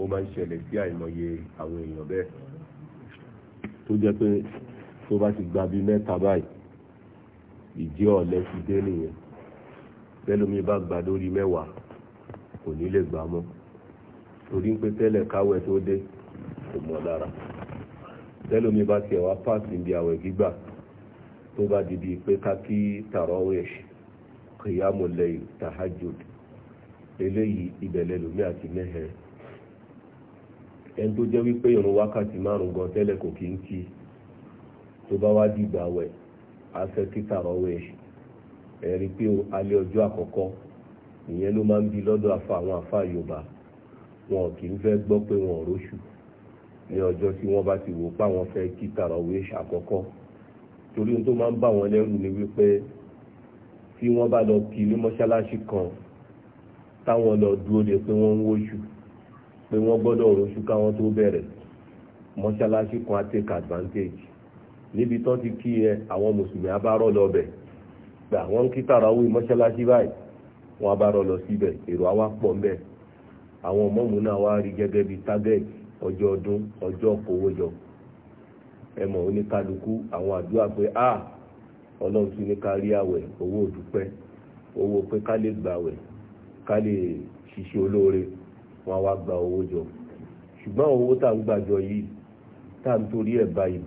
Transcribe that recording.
ó máa ń ṣẹlẹ̀ sí àìmọye àwọn èèyàn bẹ́ẹ̀ tó jẹ́ pé tó bá ti gba bíi mẹ́ta báyìí ìdí ọ̀lẹ ti dé nìyẹn tẹ́lómi bá gbà lórí mẹ́wàá kò ní lè gbà mọ́ torí pé tẹ́lẹ̀ káwẹ́ tó dé kò mọ̀ lára tẹ́lómi bá tiẹ̀ wá páàsì níbi àwẹ̀ gbígbà tó bá di bíi pé ká kí tààrọ̀ wẹ̀ṣẹ̀ kìyàmù lẹ́yìn tàhájòd eléyìí ìbẹ̀lẹ̀ àti mẹ́hẹ̀ẹ́ ẹni tó jẹ́ wípé ìrun wákàtí márùn gan tẹ́lẹ̀ kò kí ń kí tó bá wá dìgbà wẹ̀ afẹ́ kíta rọwẹ́ ẹ̀rí pé alẹ́ ọjọ́ àkọ́kọ́ ìyẹn ló máa ń bi lọ́dọ̀ afa àwọn afa Yorùbá wọn kì í fẹ́ gbọ́ pé wọn ò róṣù ní ọjọ́ tí wọ́n bá ti wò pa wọn fẹ́ kíta rọwẹ́ àkọ́kọ́ torí ohun tó máa ń bà wọ́n lẹ́rù ni wípé tí wọ́n bá lọ kí ní mọ́ṣáláṣí kan táwọn lọ dúró de pé wọ́n ń wóṣù pé wọ́n gbọ́dọ̀ roṣù káwọn tó bẹ̀rẹ̀ mọ́ṣáláṣí kan á take advantage níbi tán ti kí ẹ àwọn mùsùlùmí abárọ̀ lọ́bẹ̀ gbà wọ́n kí tàràwí mọ́ṣáláṣí báyìí wọ́n abárọ̀ lọ síbẹ̀ èrò àwa pọ̀ ń bẹ̀ àwọn mọ́mù náà wá rí gẹ́gẹ́ bíi target ọjọ́ ọdún ọjọ́ kówójọ ẹ mọ̀ oníkálukú àwọn àdúrà pé a ọlọ́run tún ní ká rí àwẹ̀ owó òdúpẹ́ owó pé ká lè gbàwẹ̀ ká lè ṣiṣẹ́ olóore wọ́n á wá gba owó jọ ṣùgbọ́n owó tá à ń gbàjọ yìí tá à ń torí ẹ̀ ba